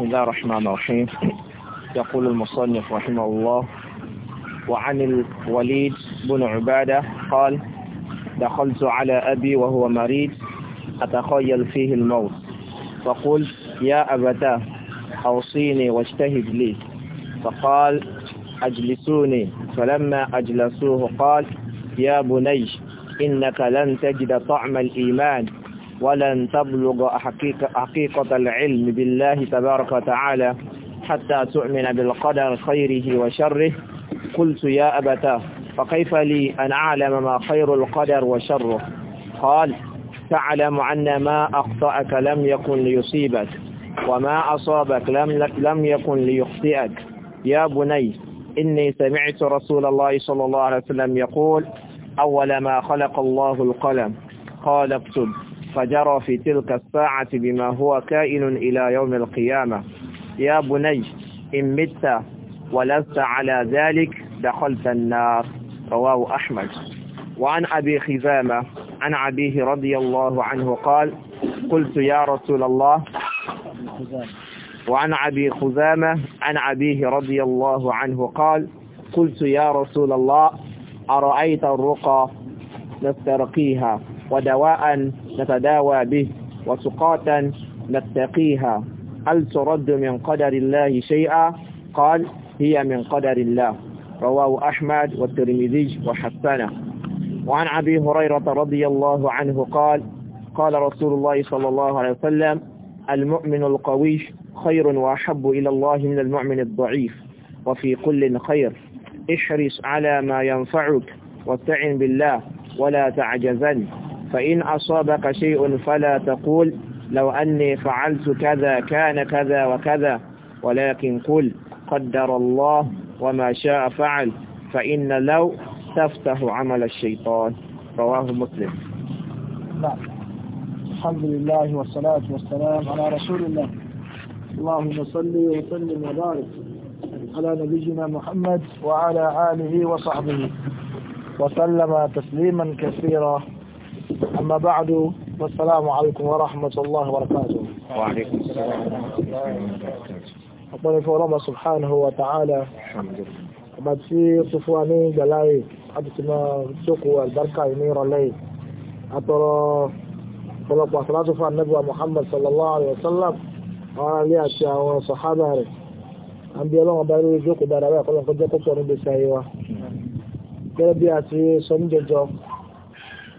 بسم الله الرحمن الرحيم يقول المصنف رحمه الله وعن الوليد بن عبادة قال دخلت على أبي وهو مريض أتخيل فيه الموت فقلت يا أبتاه أوصيني واجتهد لي فقال أجلسوني فلما أجلسوه قال يا بني إنك لن تجد طعم الإيمان ولن تبلغ حقيقة العلم بالله تبارك وتعالى حتى تؤمن بالقدر خيره وشره قلت يا أبتاه فكيف لي أن أعلم ما خير القدر وشره قال تعلم أن ما أخطأك لم يكن ليصيبك وما أصابك لم, لم يكن ليخطئك يا بني إني سمعت رسول الله صلى الله عليه وسلم يقول أول ما خلق الله القلم قال اكتب فجرى في تلك الساعة بما هو كائن إلى يوم القيامة يا بني إن مت ولست على ذلك دخلت النار رواه أحمد وعن أبي خزامة عن أبيه رضي الله عنه قال قلت يا رسول الله وعن أبي خزامة عن أبيه رضي الله عنه قال قلت يا رسول الله أرأيت الرقى نسترقيها ودواء نتداوى به وسقاة نتقيها هل ترد من قدر الله شيئا قال هي من قدر الله رواه أحمد والترمذي وحسنه وعن أبي هريرة رضي الله عنه قال قال رسول الله صلى الله عليه وسلم المؤمن القوي خير وأحب إلى الله من المؤمن الضعيف وفي كل خير احرص على ما ينفعك واستعن بالله ولا تعجزن فإن أصابك شيء فلا تقول لو أني فعلت كذا كان كذا وكذا ولكن قل قدر الله وما شاء فعل فإن لو تفتح عمل الشيطان رواه مسلم نعم. الحمد لله والصلاة والسلام على رسول الله اللهم صل وسلم وبارك على نبينا محمد وعلى آله وصحبه وسلم تسليما كثيرا أما بعد والسلام عليكم ورحمة الله وبركاته وعليكم السلام ورحمة الله وبركاته أقول الله سبحانه وتعالى الحمد لله ọba tí ó tún fún wa ní gbàláyè láti ti máa jókòó àlùbáríkà ní ìrọ̀lẹ́ àtọ̀rọ̀ ọ̀pọ̀lọpọ̀ àsàlátù fún anábíwá Muhammad sallallahu alayhi wa sallam àwọn alẹ́ àti àwọn sàhábà rẹ̀ à ń bí ọlọ́wọ́n bá irú ìjókòó dáadáa wáyà kọ́lọ́n kọjá púpọ̀ níbi iṣẹ́ ayé wa gẹ́gẹ́ bí a ti sọ ní jẹjọ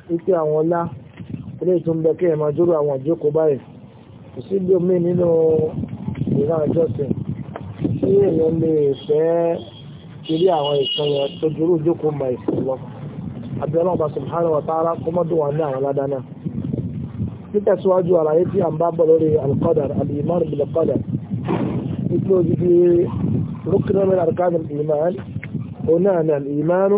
wípé àwọn ọlá ilé ìtúnbẹ kí ẹ̀mà jórò àwọn ìjókòó báyìí kò sí bí omi nínú ìran ìjọsìn tí èèyàn lè fẹ́ kiri àwọn ìsọyàn tó jórò ìjókòó mà ìsìn lọ abiola ọba subhanahu wa ta'ala kó mọ́dún wà ní àwọn aládá náà àlàyé tí a ń bá bọ̀ lórí alqadar al-iman bil ipò gidi rúkìnnà min arkan al-iman onáà ní al-imanu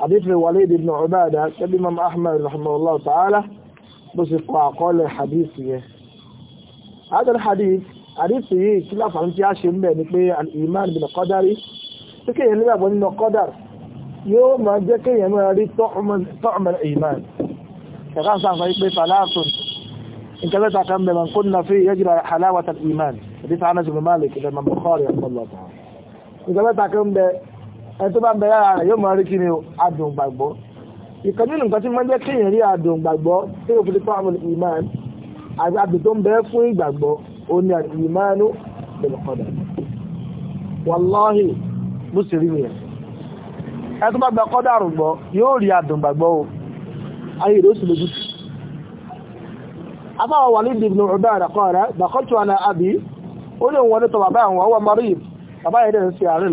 حديث الوليد بن عبادة كالإمام أحمد رحمه الله تعالى بس قال حديثه هذا الحديث حديث يي كلا فهم في عشر من الإيمان بالقدر لكي يلعب من القدر يوم جاك يمري طعم طعم الإيمان كان صاحب ثلاث إن كانت كان من قلنا فيه يجرى حلاوة الإيمان حديث عنا بن مالك الإمام البخاري رحمه الله تعالى إن كانت كان ẹni tó bá ń bẹ yóò máa rí kíni adùn gbàgbọ́ ìkan nǹkan tí wọ́n jẹ́ kéèyàn rí adùn gbàgbọ́ tí yóò fi lè fáwọn ìmáàn adùn tó ń bẹ fún ìgbàgbọ́ ó ní wàláhì bó rí nìyẹn bá gbọ́ yóò rí adùn gbàgbọ́ o ayé sì lójú sí afáwọn abi ó lè tọ bàbá àwọn ọwọ́ bàbá yẹn dẹ̀ ń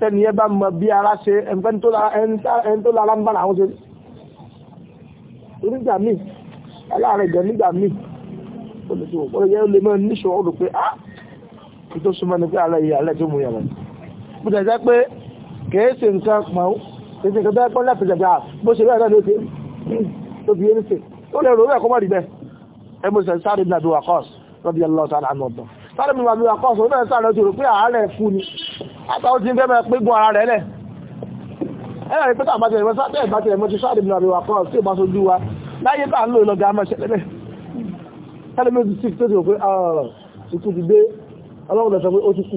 tẹ́ni ẹ bá mọ bí ara ṣe ẹni tó lára ń bára àwọn ṣe onígbà míì aláàrẹ̀ gan nígbà míì olùsọ̀wọ̀pọ̀lọ́yẹ́ ó lè mọ́ níṣọ́ ọdún pé á ah! kí tó súnmọ́ ní pé alẹ́ yìí alẹ́ tó mú yàrá bó tẹ̀ jẹ́ pé kèése nǹkan pọ̀n kèése nǹkan bẹ́ẹ̀ pọ́n láti jẹ̀dá bó ṣe bẹ́ẹ̀ náà ló fi yé níṣẹ́ ó lè rò ó ẹ̀kọ́ mọ́ ti rò pé àárẹ̀ fún ni àtàwọn tí ń fẹ́ mẹ́ pégun ara rẹ̀ lẹ̀ ẹ̀rọ ìpẹ́tà àbájẹ̀ ìwọ̀n sábẹ́ ìbájẹ̀ ìmọ̀ ti sáàdì mìíràn wà kan sí ìbáṣojú wa láyé tà ń lò ìlọ́gà àmọ́ ìṣẹ̀lẹ̀ bẹ́ẹ̀ tẹ́lẹ̀mí ojú sí tó ti rò pé ikú ah, ti dé ọlọ́run lọ sọ pé ó ti kú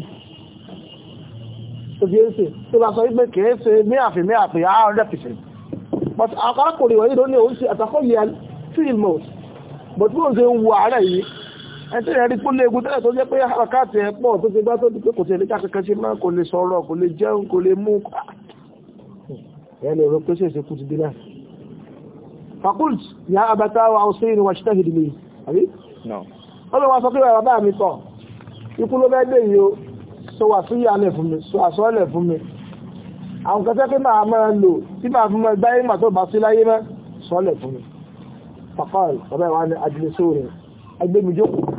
tó fi ń sè tó bá sọ wípé kìí ṣe ní àfi ní àfi àárẹ̀ pìṣẹ̀ but àkọ́kùnrin wọ̀nyí ló ní òun ṣe àtàkọ́ yẹ fíìmù but bí òun ṣe ń wo àárẹ̀ yìí ẹ̀tí ẹ̀rí kó lé egun tẹ́lẹ̀ tó jẹ́ pé àkáàtì ẹ̀ pọ̀ tó ti bá tó di pé kò tẹ̀lé kákẹ́kẹ́ sí máa kò lè sọ̀rọ̀ kò lè jẹun kò lè mú ẹ̀ lè rọ pé ṣe ìṣekú ti dé náà fakult ya abata wa ọ̀sìn wa ṣítà hìdìmí àbí? wọ́n lè wá sọ pé bàbá mi tọ̀ ikú ló bẹ́ dé yìí sọ wà sí ìyàlẹ̀ fún mi sọ àsọ́ọ̀lẹ̀ fún mi àwọn kan pé máa máa lò tí máa fún mọ́ ẹgbẹ́ ìmọ̀ tó bá sí láyé mẹ́ sọ́ọ̀lẹ̀ fún mi pàpáàlì bàbá ìwà ni ajílẹ̀ sóòrè ẹgbẹ́ mi jókòó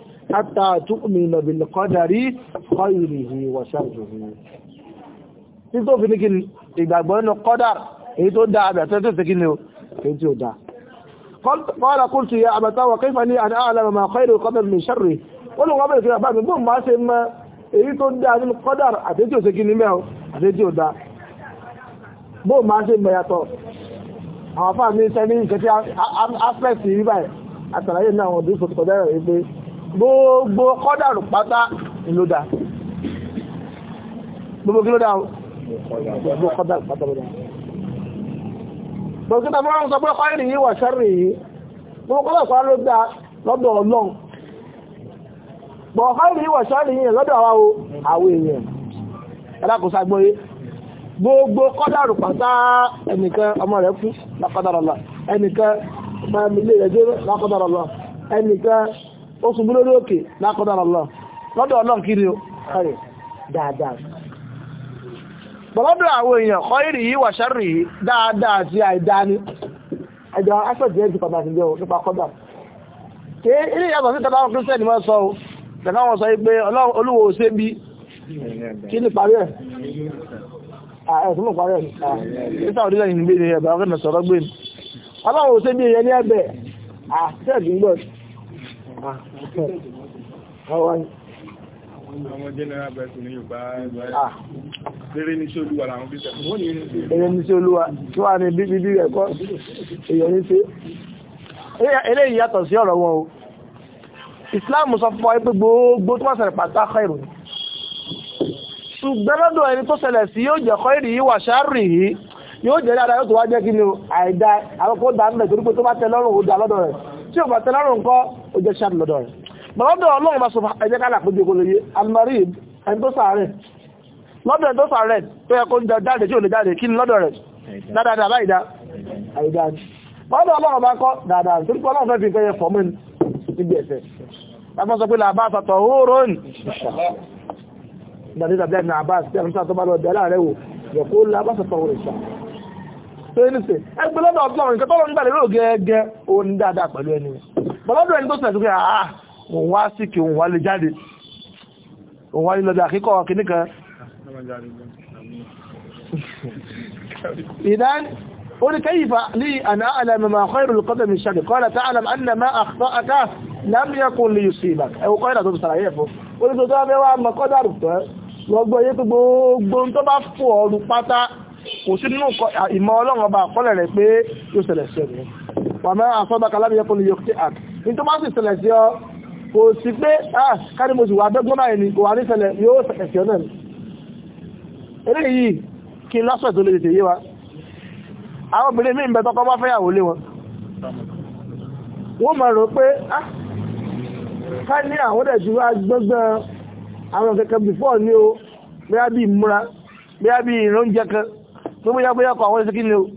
حتى تؤمن بالقدر خيره وشره tí tó fi ní kí ìgbàgbọ́ nínú qadar èyí tó dáa àbẹ̀ àtẹ́tẹ́ tẹ́kí ni ó èyí tí ó dáa قال قلت يا أبتاه وكيف لي أن أعلم ما خير القدر من شره ó lè wọ́n bẹ̀rẹ̀ kí àbámi bóun máa ṣe mọ́ èyí tó dáa nínú qadar àtẹ́tẹ́ òṣèkí ni mẹ́ọ̀ àtẹ́tẹ́ ò dáa bóun máa ṣe mọ́ yàtọ̀ àwọn fáàmì sẹ́ni ìkẹ́tí aspect rí báyìí àtàlàyé náà wọ́n dúró fòtò kọjá rẹ̀ pé gbogbo kọ́dàrù pátá ìlódà gbogbo kí ló dá gbogbo kọ́dàrù pátá lódà gbogbo kí tàbí wọ́n sọ pé kọ́rin yìí wà sẹ́rì yìí gbogbo kọ́dàrù pátá ló dá lọ́dọ̀ ọlọ́run gbogbo kọ́rin yìí wà sẹ́rì yìí lọ́dọ̀ àwọn èèyàn ẹlákùnsá gbọ́yé gbogbo kọ́dàrù pátá ẹnìkan ọmọ rẹ̀ kú lákọ́dàrọ̀lá ẹnìkan ó ṣubú lórí òkè lákọ́dọ̀ ọlọ́run lọ́dọ̀ ọlọ́run kiri o ọ̀rẹ́ dáadáa bọ̀lọ́dọ̀ àwọn èèyàn kọ́ ìrì yìí wà ṣárì yìí dáadáa àti àìdáa ni ẹjọ́ aṣọ́jẹ́ ti pàtàkì jẹ́ o nípa kọ́dà ṣe ilé ìyàtọ̀ sí tàbí àwọn kírísítẹ́nì máa sọ tàbí àwọn sọ pé olúwo ṣe bí kí ni parí ẹ̀ ẹ̀sùn mọ̀ parí ẹ̀ nígbà òdílẹ̀ yìí gbé ní ẹ̀bà ọ̀gẹ́nà sọ̀rọ̀ gbé ni ọlọ́run ṣe bí ẹyẹ ní ẹ̀bẹ̀ àti ẹ̀dùn gbọ́dọ̀ Àwọn general bẹ̀rẹ̀ ah. ní Yorùbá bẹ̀rẹ̀ ní sí olúwa àwọn bíṣẹ̀. Bẹ̀rẹ̀ ní sí olúwa tí wà ní bíbí bí ẹ̀kọ́ èèyàn ní sí. Eré ìyàtọ̀ sí ọ̀rọ̀ wọn o. Ìsìláàmù sọ fún wáyé pé gbogbo tó wà ṣẹlẹ̀ pàtà khairu. Ṣùgbọ́n lọ́dọ̀ ẹni tó ṣẹlẹ̀ sí yóò jẹ́ khairi yìí wà sharri yìí yóò jẹ́ dáadáa yóò tó wá jẹ́ kí ni àìdá àwọn kó dá ń bẹ̀ torí pé tó bá tẹ lọ́rùn ó dá lọ́dọ̀ rẹ̀. Tí ò bá tẹ kọ́ ó jẹ́ sharri lọ́dọ̀ rẹ̀ bọ̀lọ́dọ̀ ọlọ́run bá sọ ẹjẹ́ kálà péjú kò lè yé almarid ẹni tó sàárẹ̀ lọ́dọ̀ ẹni tó sàárẹ̀ tó yẹ kó ń jáde tí ò lè jáde kí ni lọ́dọ̀ rẹ̀ dáadáa báyìí àìdá bọ́lọ́dọ̀ ọlọ́run bá kọ́ dáadáa tó ní pọ́lọ́run fẹ́ fi fẹ́ yẹ fọ́mù níbi ẹ̀sẹ̀ lápá sọ pé làbá àtàtọ̀ hóòrón ìdàdí tàbí ẹ̀nà àbá àti ẹ̀mísà tó bá lọ dẹ̀ láàrẹ̀ wò yẹ kó làbá àtàtọ̀ hóòrón ìṣà tó ní sè lọ́dọ̀ ọlọ́run dáadáa pẹ̀lú òun wá sí kí òun wá lè jáde òun wá nílọ́dà àkíkọ́ kìníkan ìdán ولكيف لي أن أعلم ما خير القدم الشرق قال تعلم أن ما أخطأك لم يكن ليصيبك أو قيل أدوم سلايفه àfọ́bàkà lábẹ́yẹ́kùn ní yóò tí àk ní tó bá sì ṣẹlẹ̀ sí ọ kò sí pé ah kárí mo sì wà dọ́gbọ́n báyìí ni wà ní ṣẹlẹ̀ yóò ṣẹ̀kẹ̀ṣẹ̀ náà eré yìí kí lọ́sọ̀ tó lè wa àwọn obìnrin mí wọn wọ́n mọ̀ rò pé ah ká ní àwọn ọ̀dẹ̀ wá gbọ́gbọ́n àwọn kẹ̀kẹ́ ní o bí ìmúra bí kan kọ àwọn ni o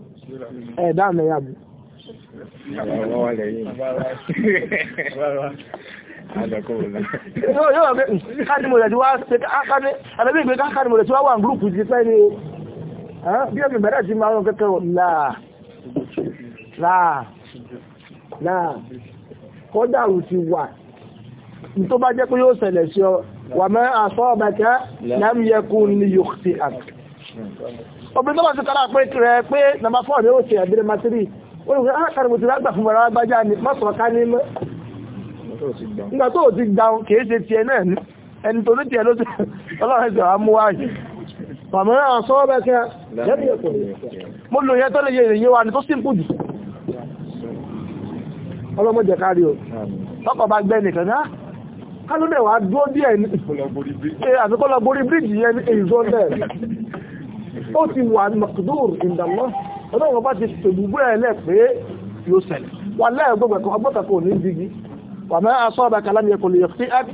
yóò wà pé káàdì mo ya ti wá ṣe káàdì àbẹ́bí ìgbé mo rẹ̀ ti wá wà ní gúrùpù ti pẹ́ ni bí ọ̀gbìn bẹ̀rẹ̀ sí máa ń kẹ́kẹ́ láà láà láà kódà ò ti wà ba bá jẹ́ pé yóò ṣẹlẹ̀ sí ọ wà mẹ́ ya lámìyẹkùn ní yóò ti àk ti ni nígbà tó ti dáun kìí ṣe tiẹ̀ náà ní ẹni tó ní tiẹ̀ ló ti ọlọ́run ẹ̀sẹ̀ wá mú wáyé pàmìlà ọ̀sán ọ̀bẹ̀ kí mo lò yẹ tó lè yẹ ìrìnyẹ wa ni tó sì ń pùjù ọlọ́mọdé kárí o tọ́kọ̀ bá gbẹ́ nìkan náà kálódẹ̀ wà dúó díẹ̀ ní àtúkọ́lọ̀ borí bíríjì yẹn ní èyíkọ́ náà ó ti wà mọ̀kúdúr ìdàmọ́ ọlọ́run bá ti tòbúgbẹ́ ẹlẹ́ pé yóò ṣẹlẹ̀ wà lẹ́ẹ̀gbọ́gbẹ̀kọ́ ọgbọ́tàkọ́ ní dígí wàmẹ́ asọ́ọ̀bà kàlámi ẹ̀kọ́ lè fi ẹ́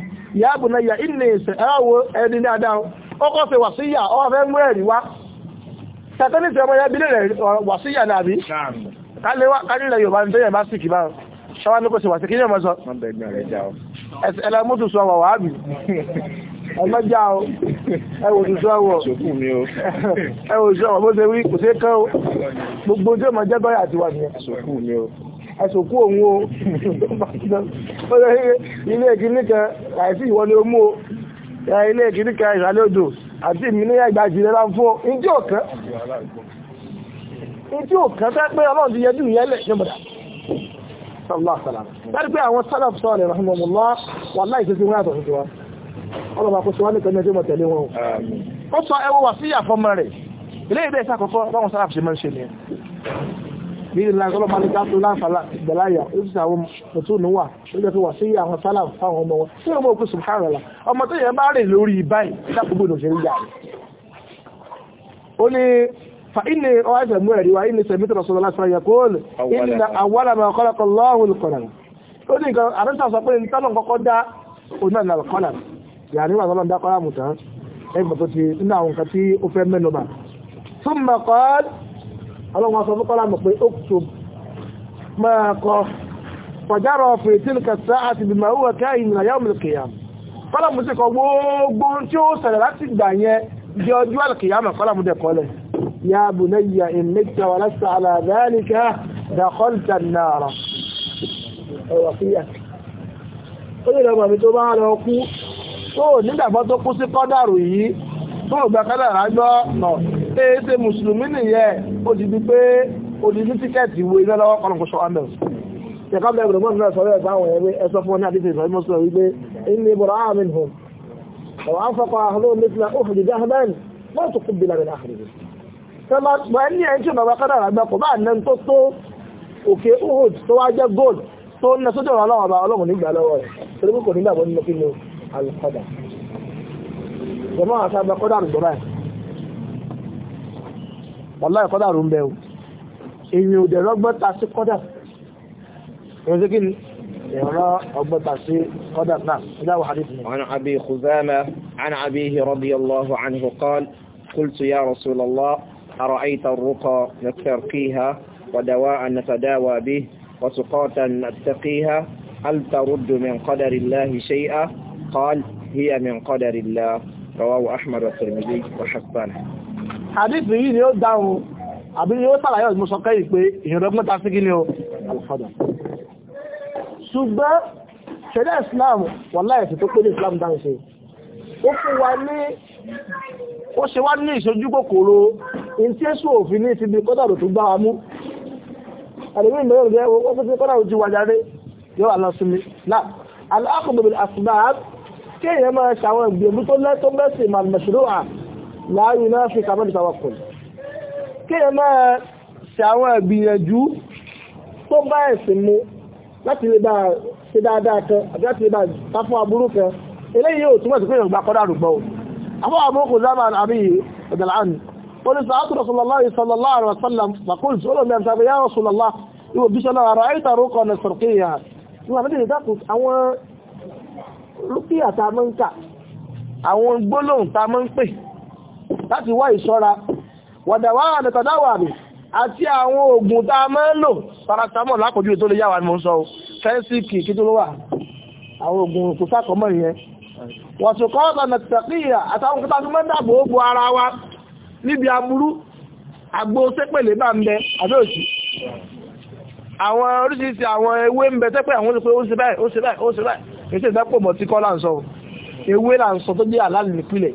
yàbù náà yà ilé ìsẹ̀ ẹ̀wọ̀ ẹni dáadáa ọkọ̀ fi wàsíyà ọwọ́ fẹ́ mú ẹ̀rí wá tẹ́tẹ́ ní ìsẹ̀mọ́ yà bílẹ̀ rẹ̀ wàsíyà nàbí kálílẹ̀ yorùbá ní tẹ́yẹ̀ bá sìkì bá ṣọwá ní kò o ẹwò tó bó ṣe wí kò sí kẹ́ o gbogbo tí ó mọ̀ àti wà ní ẹ̀ ẹ̀sùnkú òun o ilé ìkíní kan àìsí ìwọ ni ó mú o ilé ìkíní kan ìsàlẹ̀ odò àti ìmìnira ìgbà ìjìnlẹ̀ bá ń fún ìdí òkan ìdí òkan fẹ́ pé ọlọ́run ti yẹjú ìyẹn lẹ̀ nígbàdà láti pé àwọn sálàf sọ́ọ̀lẹ̀ rahimahullah wà láì tó ti wọ́n àtọ̀ tuntun wa ọlọ́run àkóso wọn nìkan ní ẹjọ́ mọ̀tẹ̀lé wọn ó sọ ẹwọ́ wà sí àfọ́mọ́ rẹ̀ ilé ìbẹ́ ìsàkọ́kọ́ báwọn sálàf ṣe máa ń ṣe nìyẹn bí ìlà ọlọ́pàá ní ká tó láǹfààlà ìgbàláyà ó sì àwọn mùtúnù wà ó jẹ́ fi wà sí àwọn sálà fáwọn ọmọ wọn tí ó mọ̀ òkú subhanallah ọmọ tó yẹn bá rìn lórí báyìí dákúgbò ló ṣe rí yà ó ní fa inú ọwọ́ ẹ̀sẹ̀ mú ẹ̀rí wa inú sẹ̀mí tọ̀rọ̀ sọ́dọ̀ láti fàyà kó lè inú àwọ̀là máa kọ́lá kan ọlọ́wọ́n sọ fúkọ́lá mọ̀ pé oktub máa kọ pàjárọ̀ fi tilka sáàtì bí máa wúwẹ̀ káyìn ní àyà òmìnir kìyàm kọ́lọ̀mù sí kọ gbogbo tí ó ṣẹlẹ̀ láti gbà yẹn di ọjọ́ alkìyàmà kọ́lọ̀mù dẹ̀ kọlẹ̀ ya bunayya in mẹ́ta wà lásà ala dhalika dakhalta an-nara tó nígbàgbọ́ tó kú sí kọ́dàrù yìí pé ṣe mùsùlùmí nìyẹn ó ti di pé ó ti ní tíkẹ́ẹ̀tì wo iná lọ́wọ́ kọ́nà kò sọ ọ́nà yẹ̀ká bẹ̀rẹ̀ bẹ̀rẹ̀ mọ́tò náà sọ̀rọ̀ ẹ̀fà àwọn ẹ̀wé ẹ̀sọ́ fún wọn ní àdíṣe ìsọ̀rí mọ́sùlùmí wípé ilé bọ̀rọ̀ àmì hùn ọ̀rọ̀ afọ́kọ̀ àhọ́lọ́ mẹ́tìlá ó fi dìjà hẹ́bẹ́ẹ̀n mọ́tò kú bìlà bìlà àkìrìbì tẹ́lá bọ̀ ẹni ẹ̀ ń tí bàbá kádàrà gbà kò bá nẹ́ tó ń nẹ ọ̀rọ̀ ọlọ́run ọlọ́run nígbà lọ́wọ́ rẹ̀ torí kò nígbàgbọ́ nínú kí ni alùpàdà jọmọ́ àti abẹ́kọ́dà àgbọ̀rá ẹ̀ والله kọ́dà rò ń bẹ o èyí ò dẹ̀rọ gbọ́ta sí kọ́dà ẹ̀rọ kí ni ẹ̀rọ ọgbọ́ta عن أبي خزامة عن أبيه رضي الله عنه قال قلت يا رسول الله أرأيت الرقى نسترقيها ودواء نتداوى به وسقاطا نتقيها هل ترد من قدر الله شيئا قال هي من قدر الله رواه أحمد والترمذي وحسنه hadith yìí ni ó dáhùn àbí ni ó sàlàyé ọ̀dún sọ kẹ́yìn pé ìrọ̀gbọ́n ta sí kí ni ó alfada ṣùgbọ́n ṣẹ̀dá islam wàláhì ẹ̀sìn tó pé ní islam dáhùn sí ó fún wa ní ó ṣe wá ní ìṣojú kòkòrò in tí èso òfin ní ti bí kọ́dàrò tó gbá wa mú àdìmí ìmọ̀lẹ́ òjò ó fún ti kọ́dàrò láàrin náà fi kàmọ́dù tàwàkùn kí ẹ máa ṣe àwọn ìgbìyànjú tó bá ẹ̀sìn mú láti lè bá ṣe dáadáa kan àti láti lè bá ta fún aburú kan eléyìí yóò túnmọ̀ sí pé ìrọ̀gbà kọ́dà rùgbọ́ àwọn àbúkù zaman àbí ìdàlán olùsọ àtúrọ̀ sallallahu alaihi wasallam fàkúlù olóòmí àmsàgbé yá rọ̀sùlọ́lá ìwò bíṣọ́lá ara àìta rúkọ na sọ̀rọ̀kíyà níwà méjì dákùn àwọn rúkíyà ta mọ́ ń kà àwọn gbólóhùn ta mọ́ ń pè láti wá ìṣọ́ra wàdàwà àdàtàdáwà mi àti àwọn oògùn tá a máa ń lò paracetamol lápòjú ètò lè yáwà ní mo ń sọ fẹ́ńsìkì kí tó ló wà àwọn oògùn kò sákọ̀mọ́ ìyẹn wọ́n tó kọ́ ọ̀tọ̀ nàtàkìyà àtàwọn kọta tó mọ́ dàbò ó bu ara wa níbi aburú àgbo sépèlé bá ń bẹ àbẹ́òsì àwọn oríṣiríṣi àwọn ewé ń bẹ tẹ́pẹ́ àwọn olùpẹ́ ó sì báyìí ó sì tó jẹ́ àlálì nípìnlẹ̀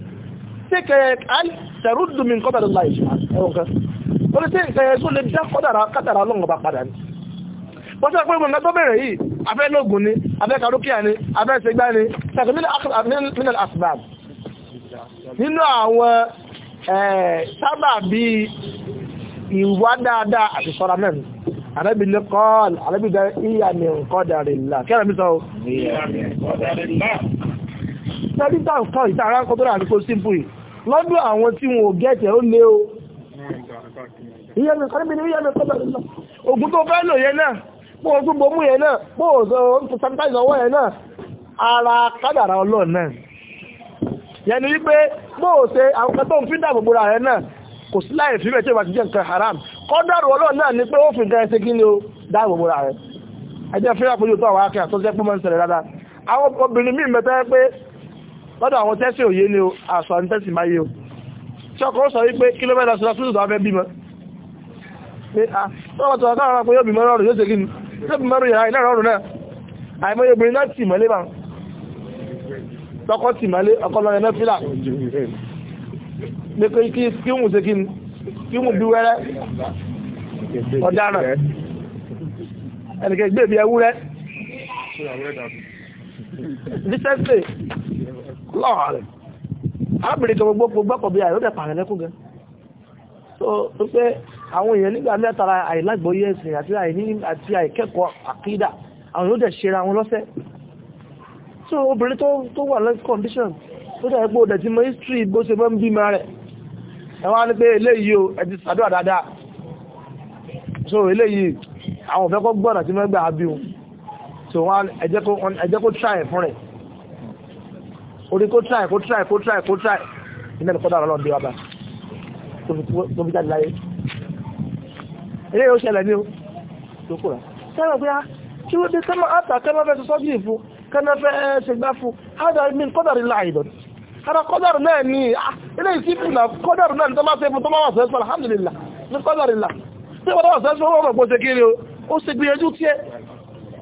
ṣé kẹ̀yẹ tẹ̀rúdù mi kọ́dà lọ́la ìṣúná ẹ̀wọ̀n kan ó lè ṣe kẹ̀yẹ tó lè dá kọ́dàrà kátàrà ọlọ́run ọba padà ni wọ́n sọ pé mọ̀nà tó bẹ̀rẹ̀ yìí afẹ́ lóògùn ni afẹ́ karókíà ni afẹ́ ṣẹgbá ni ṣàkó mílẹ̀ asbab nínú àwọn uh, sábà bí ìwà dáadáa àti sọ́ra mẹ́rin àrẹ́bì ní kọ́ọ̀lù àrẹ́bì dá ìyà ní kọ́dàrí ńlá kẹ́rẹ̀ mi sọ ìyà ní kọ́dàrí ńlá lọ́dọ̀ àwọn tí wọn ò gẹ́ẹ̀tẹ̀ ó lé o ìyẹ́mì kọ́rìbì ní ìyẹ́mì kọ́bẹ̀rẹ̀ lọ ògùn tó fẹ́ lò yẹn náà bó ojú bomú yẹn náà bó oṣù sanitize ọwọ́ yẹn náà ara kádàrà ọlọ́run náà yẹni wípé bó o ṣe àwọn kan tó ń fi dà gbogbo rẹ̀ náà kò sí láì fi bẹ̀ haram kọ́dàrà ọlọ́run náà ni pé ó fi nǹkan ẹsẹ̀ kí ni ó dá gbogbo rẹ̀ ẹjẹ́ fẹ́ràn pẹ̀lú tó àwọn akẹ́yà tó jẹ́ pé lọ́dọ̀ àwọn tẹ́sí òye ni àṣọ àti tẹ́sí máa yé o tí ọkọ̀ sọ wípé kílómẹ́ta sí lọ́sùn ìdọ̀ abẹ́ bímọ pé a tọ́wọ́ tọ́wọ́ tọ́wọ́ tọ́wọ́ yóò bímọ rọrùn yóò ṣe gíní yóò bímọ rọrùn yàrá ìlànà rọrùn náà àìmọye obìnrin náà tì mọ́lé máa tọkọ tì mọ́lé ọkọ lọ ẹ̀mẹ́ fílà pé kí kí wùn ṣe gíní kí wùn bí wẹ́rẹ́ ọ̀daràn ẹnìkẹ́ gbé bí ewúrẹ́ lọ́wọ́ rẹ̀ arábìnrin kan gbogbo gbọ́pọ̀ bí àìrọ́ dẹ̀ pààrẹ̀ lẹ́kún gan so tó pé àwọn èèyàn nígbà mẹ́tara àìlágbóyé ẹ̀sìn àti àìkẹ́kọ̀ọ́ àkídà àwọn yóò dẹ̀ ṣe ra wọn lọ́sẹ̀ so obìnrin tó wà lẹ́kọ̀ọ́ condition tó dẹ̀ gbó dẹ̀ ti mọ history bó ṣe mọ́ ń bímọ rẹ̀ ẹwà ní pé eléyìí o ẹ̀dì sàdúrà dáadáa so eléyìí àwọn òfẹ́kọ́ gbọ́nà tí mọ́ gbà á bí wọn so wọ́n ẹjẹ́ kó try fún rẹ̀ orí kó try kó try kó try kó try iná ìkọ́dá ọ̀rọ̀ lọ́dẹ wàbá tó fi jáde láyé ilé yóò ṣẹlẹ̀ ní o tó kúrò sẹ́rọ̀ pé ah, kí ó dé kẹ́mọ́ àtà kẹ́mọ́ fẹ́ sọ́jú ìfún kẹ́mọ́ fẹ́ eh, ṣègbà fún hádà mi kọ́dà rí láàyè dọ̀dọ̀ hádà kọ́dà rí náà ní ilé ìsìnkú náà kọ́dà rí náà ní tọ́mọ́ sẹ́fún tọ́mọ́ wà sẹ́fún alhamdulillah ní kọ́dà rí láà tí wọ́n wà sẹ́fún wọ́n mọ̀ kiri ó sì gbìyànjú tí ẹ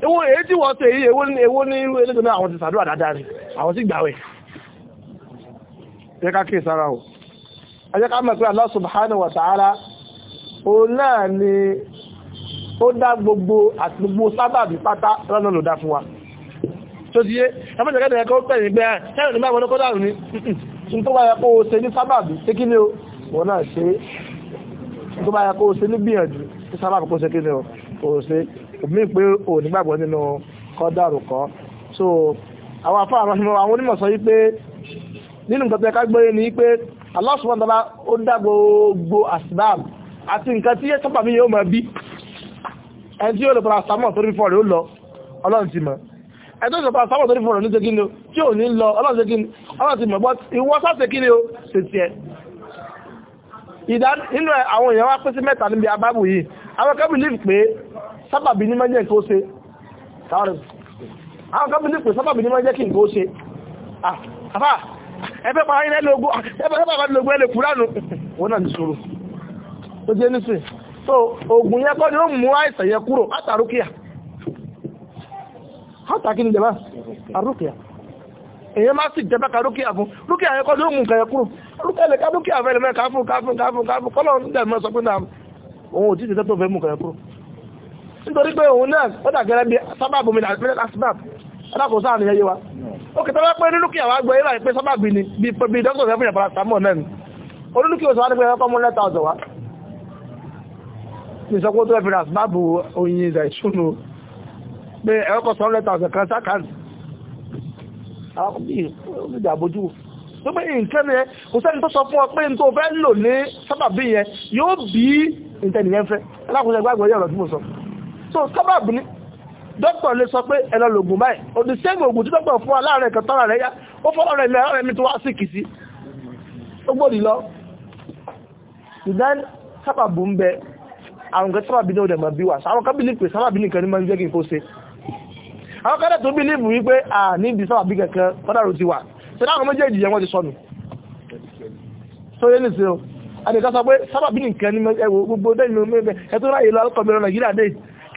ewo èyí tí wọ́n tẹ̀ yí èwo ní ilé ìgbìmọ̀ àwọn ti sàdúrà dáadáa ni àwọn sì gbàwẹ̀ jẹ́ ká kíyè sára o ajẹ́ ká mọ̀ pé Allah subhanahu wa ta'ala o náà ni ó dá gbogbo àti gbogbo sábàbí pátá lọ́nà ló dá fún wa tó ti yé ẹmọ́jẹ̀kẹ́dẹ̀ ẹ̀kọ́ pẹ̀lú pé ẹ̀rùn nígbà wọn kó dàrú ní tó bá ni o wọn náà ṣe tó bá yẹ kó o ni o kò ṣe òmí pé o nígbàgbọ́ nínú so àwọn afáàrọ̀ àwọn onímọ̀ sọ yí pé nínú nǹkan tẹ́ ká gbọ́yé ní pé Allah subhanahu wa ta'ala ó dá gbogbo asbab àti nǹkan tí sábà mi yóò máa bí ẹni tí yóò lè para sámọ̀ torí fọ́ rẹ̀ ó lọ ọlọ́run ti mọ̀ ẹni tó lè para sámọ̀ torí fọ́ rẹ̀ ní ṣe kí ni tí ò ní lọ ọlọ́run ti mọ̀ bọ́ ìwọ sáṣe kí ni ó ṣe tiẹ̀ ìdá nínú àwọn èèyàn wá pín sí mẹ́ta níbi abábù yìí àwọn kan believe pé sábàbí ní máa jẹ́ kí ó ṣe àwọn kan believe pé sábàbí ní máa jẹ́ kí nǹkan ó ṣe ah, àfáà ẹgbẹ́ pàrọ̀ yìí lẹ́lógún ẹgbẹ́ pàrọ̀ lẹ́lógún ẹlẹ́ kúránù náà ti ṣòro jẹ́ so ni ó mú àìsàn yẹn kúrò átàrúkìá ní jẹba àrúkìá èyàn sì jẹba fún rúkìá ni ó mú ka mú kúrò ẹ̀dàkùn sáà ní ẹyẹ wa ó kẹta wá pé onílùkìyà wá gbọ́ ìlànà pé sábàbí ni bí dókítà fẹ́ fún ìyàpàràtàmọ́ náà ni onílùkìyà sọ wá ní pé ẹ̀kọ́ mọ́ lẹ́ta ọ̀dọ̀ wa ìsọpọ̀ tó ẹ̀fẹ́ àsìbábù oyin ìzà kan sákàtì ìdàbójú tó pé nǹkan ni ẹ kò sẹ́ni tó sọ fún ọ pé n tó fẹ́ lò ní sábàbí yẹn yóò bí ìtẹnìyàn fẹ́ alákòóso ẹgbàgbọ́ yẹ̀rọ̀ tí so sábàbí ni dókítà lè sọ pé ẹ̀lọ lògùn báyìí òdì sẹ́gbẹ̀ ògùn tí dókítà fún aláàrẹ̀ kan tọ́rà rẹ̀ yá ó fọ́rọ̀ rẹ̀ ilẹ̀ rẹ̀ mi tó wá sí kì sí ó gbòdì lọ ìdán sábàbù ń bẹ àwọn kan sábàbí ní òdẹ̀mọ̀ bí wà àwọn kan bìlì pé sábàbí nìkan ní máa ń jẹ́ kí n kó se àwọn kan tó bìlì wù wípé à níbi sábàbí kankan fọ́dàrú ti wà tí láwọn méjèèjì yẹn wọ́n ti sọnù tó yé nìsí o àdìkan sọ pé sábàbí nìkan ní gbogbo dẹ́yìn ló mẹ́fẹ́ ẹ tó ráyè lọ alùpàmì lọ nàìjíríà dẹ́yìn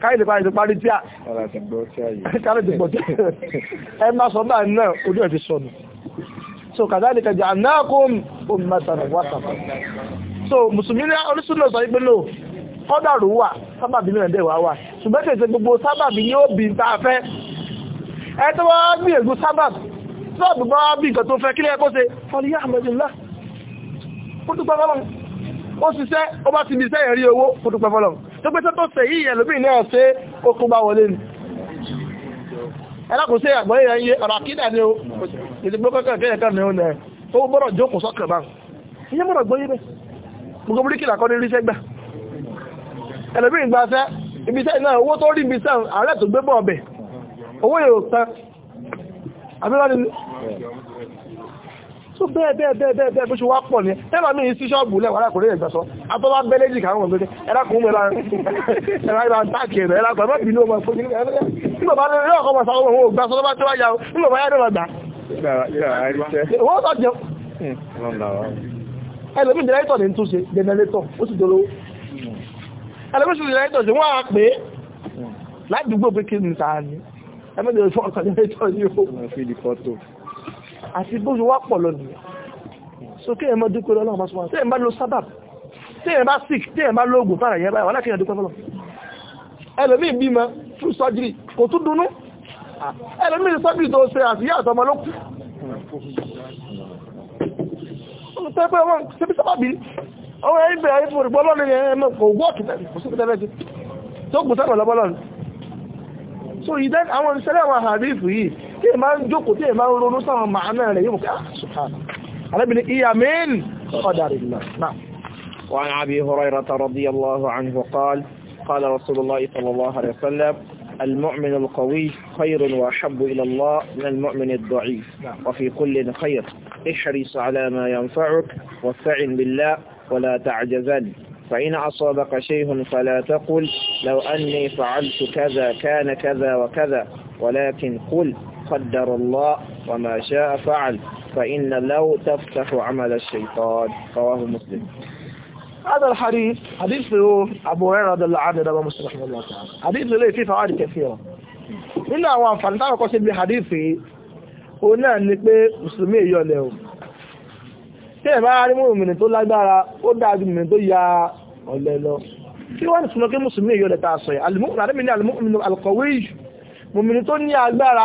káyìí nípa ìdí parí tí a káyìí ti gbọ́ tí ẹ máa sọ báyìí náà ojú ẹ̀ ti sọnù so kàdáàdì kẹjọ anáàkùn ummatan wasatan so mùsùlùmí ní orísùnà sọ ìpínlò kọ́dàrú wà sábàbí mìíràn dẹ̀ wà wà ṣùgbọ́n kèsè gbogbo sábàbí ni ó bí ń ta fẹ́ ẹ tó wá bí ègbó sábàbí sábàbí bá bí nǹkan tó fẹ́ kí lẹ́yẹ kó ṣe fọlí ahmadullah kó dúpẹ́ fọlọ́n ó ṣiṣẹ́ ó bá ti bí iṣẹ́ ẹ̀rí owó kó dúpẹ́ fọlọ́n tó pé tó tẹ̀ yìí ẹlòmíì náà ṣe okun bá wọlé ni ẹlákùn sí àgbọ́n yẹn yé ọ̀rọ̀ àkídà ni o ìdìbò kankan kẹ́yẹ kan ní o nẹ̀ ó gbọ́dọ̀ jókòó sọ́kàn bá ìyẹn mọ̀rọ̀ gbọ́ yé bẹ́ẹ̀ gbogbo bíríkì làkọ́ ní ríṣẹ́ gbà ẹlòmíì gba fẹ́ ibiṣẹ́ náà owó tó rí so bẹ́ẹ̀ bẹ́ẹ̀ bẹ́ẹ̀ bẹ́ẹ̀ bẹ́ẹ̀ bó ṣe wá pọ̀ ní ẹ̀rọ mi sí ṣọ́ọ̀bù lẹ́wọ̀ alákùnrin ìgbàsọ́ àtọ́wà bẹ́lẹ́jì kàwọn ọmọ ìgbẹ́jẹ́ ẹ̀rákùn mẹ́ra ẹ̀rákùn táàkì ẹ̀rọ ẹ̀rákùn ẹ̀rọ bìnú ọmọ ìfòkìlẹ̀ ẹ̀rọ ẹ̀rọ ẹ̀rọ ẹ̀rọ ẹ̀rọ ẹ̀rọ àti bóṣù wá pọ̀ lọ nìyà so kí ẹ̀mọ́ dúpẹ́ lọ́wọ́ máa sọ́wọ́ tí ẹ̀mọ́ lo sábàb tí ẹ̀mọ́ sick tí ẹ̀mọ́ lóògùn fara yẹ báyìí wọ́n láti ẹ̀dúpẹ́ fọ́lọ́ ẹlòmí bímọ fún sọ́jírì kò tún dunú ah, ẹlòmí sọ́jírì tó ṣe àti yàtọ̀ ọmọ lókù tẹ́pẹ́ wọn ṣebí sábàbí ọwọ́ ẹ̀yìn bẹ̀rẹ̀ ayé fún ìgbọ́lọ́ni ẹ̀mọ́ kò wọ́ọ̀kì tó gbùsẹ́ tí èmá ń jókòó tí èmá ń ronú sáwọn màánà rẹ̀ yóò mú kí وعن أبي هريرة رضي الله عنه قال قال رسول الله صلى الله عليه وسلم المؤمن القوي خير وأحب إلى الله من المؤمن الضعيف وفي كل خير احرص على ما ينفعك واستعن بالله ولا تعجزن فإن أصابك شيء فلا تقل لو أني فعلت كذا كان كذا وكذا ولكن قل قدر الله وما شاء فعل فإن لو تفتح عمل الشيطان رواه مسلم هذا الحديث حديث أبو هريرة رضي الله عنه رواه مسلم رحمه الله تعالى حديث له فيه فوائد كثيرة nínú àwọn àǹfààní táwọn kọ́ sí ibi hadithi o náà ni pé mùsùlùmí èyọ lẹ o tí ẹ̀ bá rí mú ìmìnì tó lágbára ó dájú ìmìnì tó ya ọ̀lẹ lọ kí wọ́n ní súnmọ́ kí mùsùlùmí èyọ lẹ ta sọ yẹ alìmọ́kùnrin àdẹ́mìnì alìmọ́kùnrin alìkọ̀wé yìí mùmìnì tó ní agbára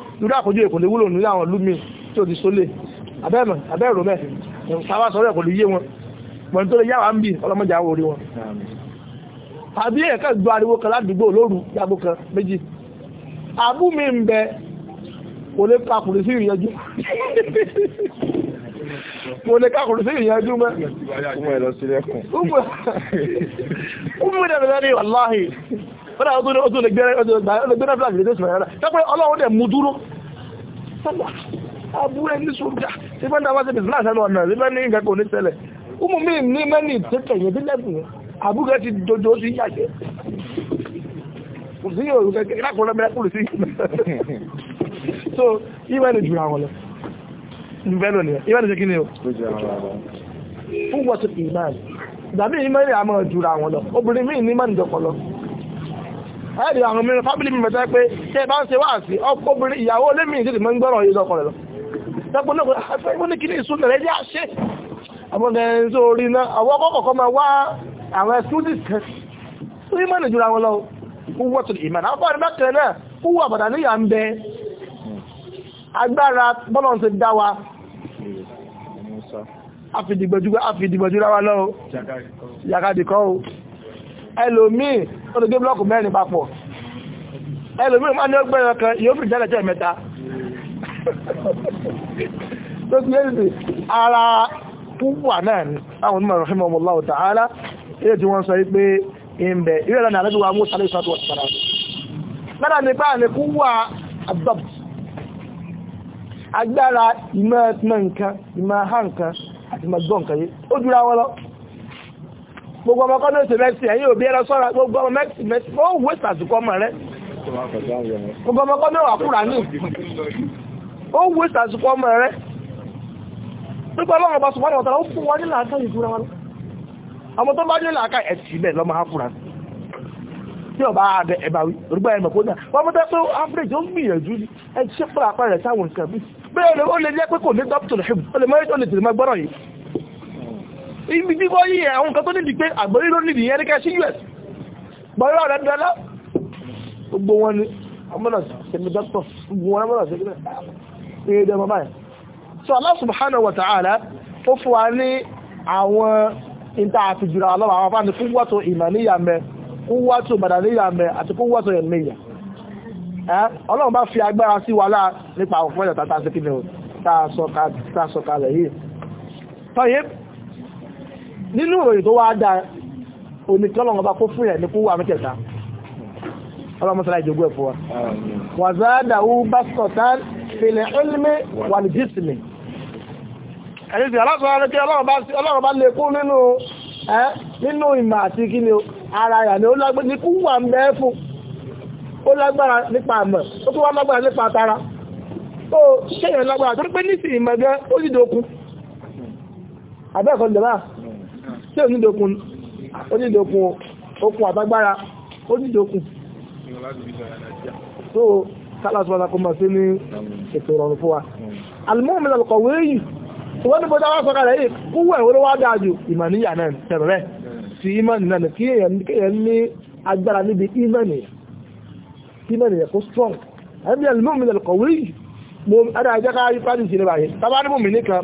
irú àkójú èkó lè wúlò nílé àwọn lúmi tí ó ti sólè abẹ́ẹ̀mọ̀ abẹ́ẹ̀rọ mẹ́ sáwá sọ́rọ̀ ẹ̀kọ́ lè yé wọn wọn tó lè yáwà ń bì ọlọ́mọdé àwọn orí wọn àbí ẹ̀ka gbọ́ ariwo kan ládùúgbò lóru yàgò kan méjì àbú mi ń bẹ kò lè kakùnrin sí ìyẹjú mo lè kákùnrin sí ìyànjú mẹ́. Ó mú ẹ̀lọ sílẹ̀ kùn. Ó mú ẹ̀lọ sílẹ̀ kùn fọ́nà ọdún lè gbẹ́rẹ́ flag lè tó sì fẹ̀rẹ̀ tẹ́pẹ́ ọlọ́run dẹ̀ mú dúró sọ́pọ̀ abúrẹ́ ní sọ́jà tí fẹ́ dáwà sí bìsìlá àṣánú ọ̀nà rí mẹ́ni nǹkan kò ní tẹ́lẹ̀ umu mi ní mẹ́ni tẹ́kẹ̀yìn tí lẹ́bùn abúrẹ́ ti dojo sí yàjẹ́ kò sí yóò rú kẹ́kẹ́ lákùnrin mẹ́rin kúrò sí so ìwẹ́ ni jù àwọn lọ ìbẹ́lò ni ìwẹ́ ni ṣe kí ni o fún wọ́n ti ìmáà dàbí ìmẹ́rin àmọ́ jù àwọn lọ obìnrin míì ní mẹ́rin jọpọ̀ lọ ẹ̀rì àwọn mìíràn fábílì mìíràn tẹ́ pé tẹ́ bá ń ṣe wáàsí ọkọ̀bìnrin ìyàwó lẹ́mìí sí ti mọ́ ń gbọ́rọ̀ yìí lọ́kọ̀ rẹ̀ lọ tẹ́kùn náà afẹ́gbọ́n ah, ní kíní ìsúnà rẹ̀ yá ṣe àbọ̀dẹ̀rin tó rí náà àwọn ọkọ̀kọ̀kọ́ máa wá àwọn ẹ̀sùnjì kan tó yí mọ́nà jùlọ àwọn lọ wúwọ́ tó ìmọ̀ náà fọ́ọ̀rẹ́ mẹ́kẹ̀rẹ́ náà wúwọ́ àbàdà níyà ń bẹ agbára bọ́lọ̀ ti dá wa àfìdìgbẹ̀jú wa lọ́wọ́ yàkadìkọ́ ẹlòmíì ó lè gbé blọ́ọ̀kù mẹ́rin papọ̀ ẹlòmíràn máa ní ó gbẹ́rẹ̀ kan yóò fi jẹ́lẹ̀ jẹ́ mẹ́ta tó ti yẹ́ ìsìn ara púpà náà ni àwọn onímọ̀ ìrọ̀fẹ́mọ̀ ọmọláwọ̀ tààrà ilé tí wọ́n sọ wípé ìbẹ̀ ìrẹ́lẹ̀ ní alẹ́bíwá mú sálẹ́ ìsọ́tọ̀ ọ̀tàrà lára ní bá gbogbo ọmọ kọ́nà òṣèlú ẹ̀sìn ẹ̀yìn òbí ẹ̀rọ sọ́ra gbogbo ọmọ mẹ́sì mẹ́sì ó wé sàtúkọ́ ọmọ rẹ̀ gbogbo ọmọ kọ́nà àkúrà ní ó wé sàtúkọ́ ọmọ rẹ̀ pípọ̀ ọlọ́run ọba sùpọ̀ ọ̀tọ̀ ó fún wọn ní làákà ìfúra wọn ọmọ tó bá ní làákà ẹ̀sìn bẹ́ẹ̀ lọ́mọ àkúrà tí ọba abẹ ẹ̀bà wí orúgbà ẹ̀mọ̀ kó náà wọ́n mọ́ tẹ́ pé áfíríjì ó ń gbìyànjú ní ẹ̀ṣẹ́ pàápàá rẹ̀ sáwọn nǹkan bí bẹ́ẹ̀ ló lè jẹ́ pé kò ní ibi tí wọ́n yí àwọn kan tó nìdí pé àgbórí ló nìdí yẹn níkẹ́ sí us gbọ́rọ̀ rẹ̀ dọ́lá gbogbo wọn ni amúnàṣẹ́ sẹ́mi dọ́kítọ̀ gbogbo wọn amúnàṣẹ́ gílẹ̀ ẹ̀yẹ dẹ́mọ báyìí so Allah subhanahu wa ta'ala ó fún wa ní àwọn ìta àfijìrà ọlọ́wọ́ àwọn afáàní fún wọ́tò ìmàníyà mẹ́ fún wọ́tò bàdàníyà mẹ́ àti fún wọ́tò ẹ̀mẹ́yà ọlọ́run bá fi agbára sí wa láà nípa àwọn fún ẹ̀yà tàtà sí kí ni ó tàà sọ nínú ìròyìn tó wá dáa oníkọ́lọ̀wọ́n bá kó fún ẹ̀ ní kó wà mẹ́tẹ̀ẹ̀ta ọlọ́mọ́sára ìjogún ẹ̀fọ́ wa wàzádàwó báskọ̀tán fèlè ilmi wà ní jísìmì ẹ̀yẹ́sì aláàtọ̀wọ́n kí ọlọ́rọ̀ bá lè kú nínú ìmà àti kí ni ara yà ní ó lágbára ní kú wà ń bẹ́ẹ̀ fún ó lágbára nípa àmọ̀ ó tó wá lágbára nípa tara tí onídokun onídokun okun àbágbára onídokun so kálàsọ́lá kó máa sí ní ètò ìrọ̀rùn fún wa almu'min alqawi yìí wọ́n ní bọ́dá wọ́n sọ́kàlẹ̀ yìí kúwẹ̀ ìwọ́n wá dáa jù ìmàníyà náà tẹ̀rẹ̀ sí ìmàní náà kí èèyàn ní agbára níbi ìmàní strong àbí almu'min alqawi yìí mo ara ajá ká yí pàdé sí ní báyìí tábà ní mòmìnì kan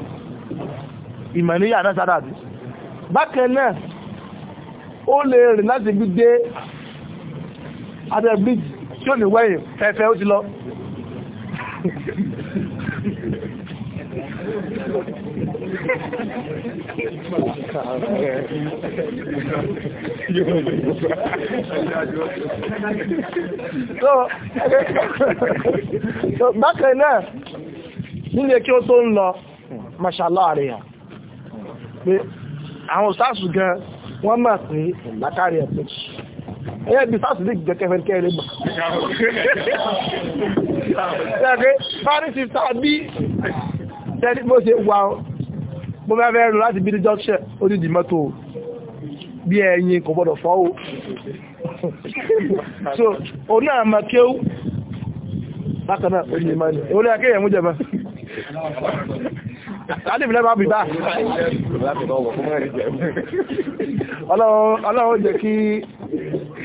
ìmọ̀níyà náà sádàbí bákan náà ó lè rìn láti bí dé abẹ́ bíjì tí ó ní wẹ́yìn fẹ́fẹ́ ó ti lọ so bákan náà nílé kí ó tó ń lọ mashallah àríyàn pé àwọn sáàsù gan wọ́n mọ̀ pé lákàrí ẹ̀pẹ́ ẹ̀yẹ́ bí sáàsù lè gẹ́gẹ́ fẹ́ kẹ́ ilé gbà bí ẹ̀yìn kò gbọ́dọ̀ fọ́ o so orí àmà kí ó bákanáà orí ìmáni orí akéyẹ̀mú jẹba never alif lẹ́bàá Hello, ọlọ́wọ́ jẹ́ kí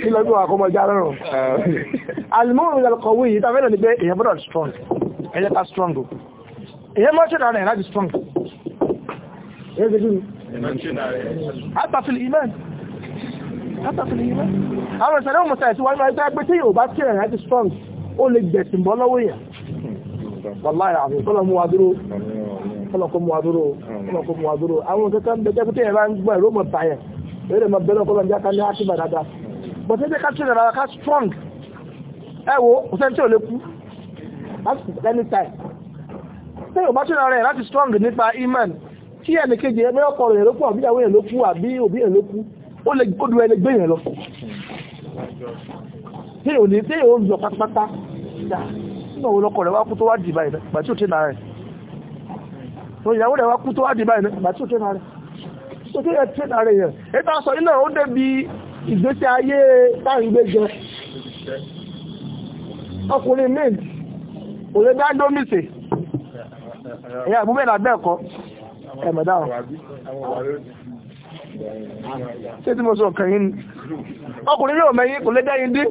ilọ́gbọ́ àkọmọjá rọrùn alìmọ́rùn ìlàkọ̀wé yìí tàbí lọ ní pé èyàn very strong ẹjẹ́ a strong èyàn much ṣẹ́dà rẹ̀ láti strong àwọn ìṣẹ̀lẹ̀ òmùsà ìṣíwájú ẹgbẹ́ pé tí yóò bá kí ẹ̀rẹ̀ láti strong ó lè gbẹ̀sìn bọ́ lọ́wọ́ èèyàn wọ́n láìrà àwọn ìṣọ́lọ́mú wa dúró kọ́lọ̀kọ́ but ẹgbẹ́ ká tún ẹ̀rọ ká strong ẹ wo òṣèlú tí ò lè kú any time tí ò bá tún ẹ̀rọ láti strong nípa iman tí ẹnì kejì ẹgbẹ́ ọkọ̀ rẹ̀ ló kú àbí ìyàwó yẹn ló kú àbí òbí yẹn ló kú ó lè kódù ẹni gbé yẹn lọ tí ò ní tí ò ń lọ pátápátá nígbà wo lọkọ̀ rẹ̀ wá kú tó wá dì so ìyàwó rẹ̀ wá kú tó wá di báyìí náà bàtí òkè náà rẹ̀ so kí ẹ tí náà rẹ̀ yẹn ètò àṣọ iná ó débi ìgbésí ayé táyì gbé jẹ ọkùnrin míì kò lè dá dómìsì ẹ̀yà ìbúbẹ̀ náà bẹ́ẹ̀ kọ́ ẹ̀mẹ̀dá wọn ṣé tí mo sọ kẹ́yìn ọkùnrin yóò mẹ́yìn kò lè dẹ́yìn dín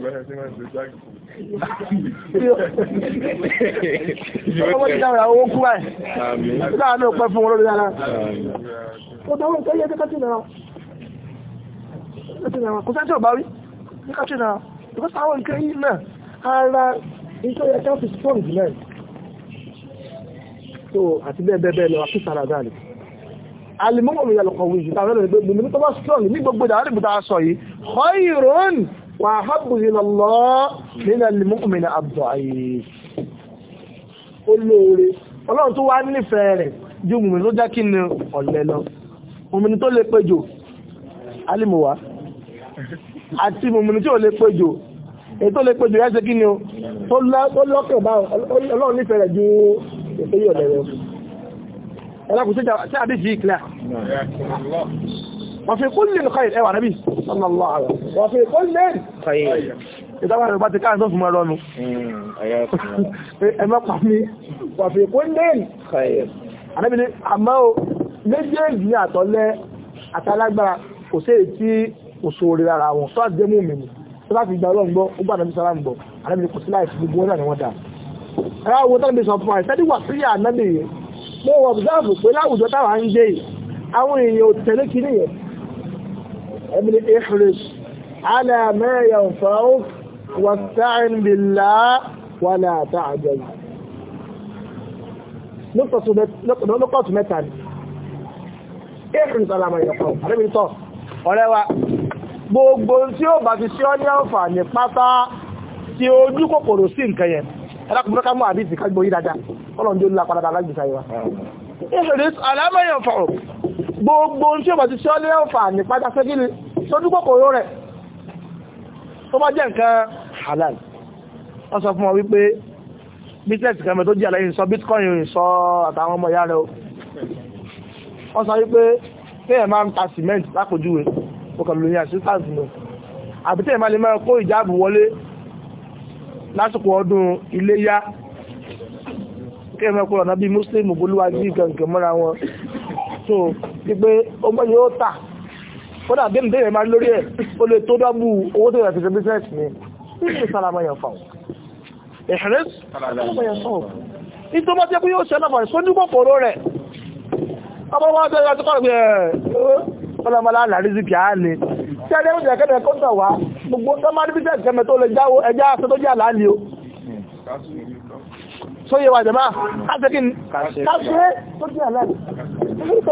ọwọ́ ti dára owó kú báyìí láàánú pẹ́ fún olórí dára ó dáwọn ìtẹ́ yẹ́ kẹ́kẹ́ tìnà kò sẹ́ńtì ọ̀bá rí kẹ́kẹ́ tìnà kò sáwọn nǹkan yìí náà ara iṣẹ́ yẹ kẹ́ fi strong jù náà so àti bẹ́ẹ̀ bẹ́ẹ̀ bẹ́ẹ̀ lọ wà fífara dáàlì alimọ́mọ́ mi yà lọ́kọ̀wé yìí táwọn ẹlẹ́gbẹ̀ẹ́ mi tó bá strong ní gbogbo ìdáwọ́ وأحب إلى الله من المؤمن الضعيف olóore ọlọ́run tó wá nífẹ̀ẹ́ rẹ̀ ju mùmí tó jẹ́ kí ni ọ̀lẹ lọ mùmí tó lè péjò alìmọ̀wá àti mùmí tí ò lè péjò èyí tó lè péjò yẹ́ sí kí ni ó lọ́kẹ̀ bá ọlọ́run nífẹ̀ẹ́ rẹ̀ ju ìpéyọ̀ lẹ́rẹ̀ وفي كل خير ايوه نبي صلى الله عليه وسلم وفي كل خير ìjọba rẹ̀ bá ti káàkiri tó fún mọ́ ẹ̀rọnu ẹmọ́pàá ní wà fi hmm, kún ní ànábì ní àmọ́ o méjèèjì ní àtọ́lẹ́ àtàlágbára kò sí èyí tí òṣòrè ara wọn tó àti jẹ́mú mìíràn tó bá fi gba ọlọ́run gbọ́ ó gbà nàbí sára ń bọ̀ ànábì ní kò sí láìsí gbogbo ọ̀nà ni wọ́n dà ara owó tọ́lẹ̀ sọ fún àìsẹ́dí wà sí ànábì mo wọ̀ pé láwùjọ táwa ń gbé ẹ̀mí ihris ala ma yanfa'uk wasta'in billah wala ta'jal lókọ̀tù mẹ́ta ni ihris ala ma yanfa'uk àrẹ́bìtọ̀ ọ̀rẹ́ wa gbogbo tí ó bá fi sí ọ ní àǹfààní pátá tí ojú kòkòrò sí nǹkan yẹn ẹlákùnrin ká mọ́ àdíjì ká gbóyí ọlọ́run jẹ́ olùlápadà alágbèsà ìwà ìṣẹ̀lẹ̀ alámẹ́yàn fọ̀rọ̀ gbogbo tí ó bá ti ṣọ́lẹ̀ ọ̀fà ní pátá sójú kòkòrò rẹ̀ tó bá jẹ́ nǹkan halal wọ́n sọ fún wọn wípé business kan mẹ́ tó jẹ́ àlẹ́yìn sọ bitcoin yìí sọ àtàwọn ọmọ ìyá rẹ̀ wọ́n sọ wípé tẹ́yẹ̀ máa ń ta cement lápòjúwe ọkọ̀lùyìn assistance nù àbí tẹ́yẹ̀ máa lè máa kó ìjáàbù wọlé lásìkò ọdún iléyá kẹ́ẹ̀mẹ́kọ́ ọ̀nà bí muslim bolúwa sí gẹ̀ǹkẹ̀ mọ́ra wọn so wípé ó mọ́ yóò tà kódà bí ìbéèrè máa lórí ẹ̀ o lè tó dọ́gbù owó tó yẹ fi ṣe business ni ìṣẹ́ sálámà yẹn fà ẹ̀ṣẹ̀rẹ́ sálámà yẹn fà ìtọ́ máa jẹ́ pé yóò ṣe lọ́mọ̀ ìṣó ní kòkòrò rẹ̀ ọmọ wọn tó yẹ tó kọ́ a lẹ́yìn ìjẹ́kẹ́dẹ̀ kọ́ńtà wá gbogbo tó máa ní bí jẹ́ tó lè jáwó ẹjá aṣọ tó jẹ́ àlàálì o tó yẹ wà jẹ́ máa káṣẹ́ tó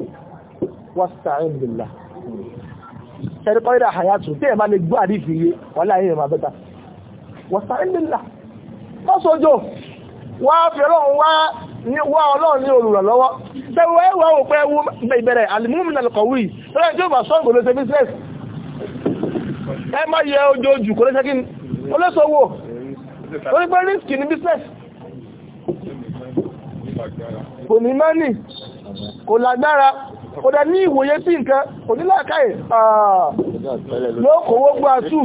wasta'in billah ẹ̀rí kọ́ ìdá àyàtù tí ẹ̀ máa lè gbọ́ àdífì yé wà láàrin ìrìnmà bẹ́ta wasta'in billah mọ́sọ́jọ́ wá fi ọlọ́run wá ọlọ́run ní olùrànlọ́wọ́ tẹ́wọ́ ẹwà ní kò ní mọ́nì kò lágbára kò dẹ̀ ní ìwòye sí nǹkan kò ní láàkáyè ló kòwó gbá tú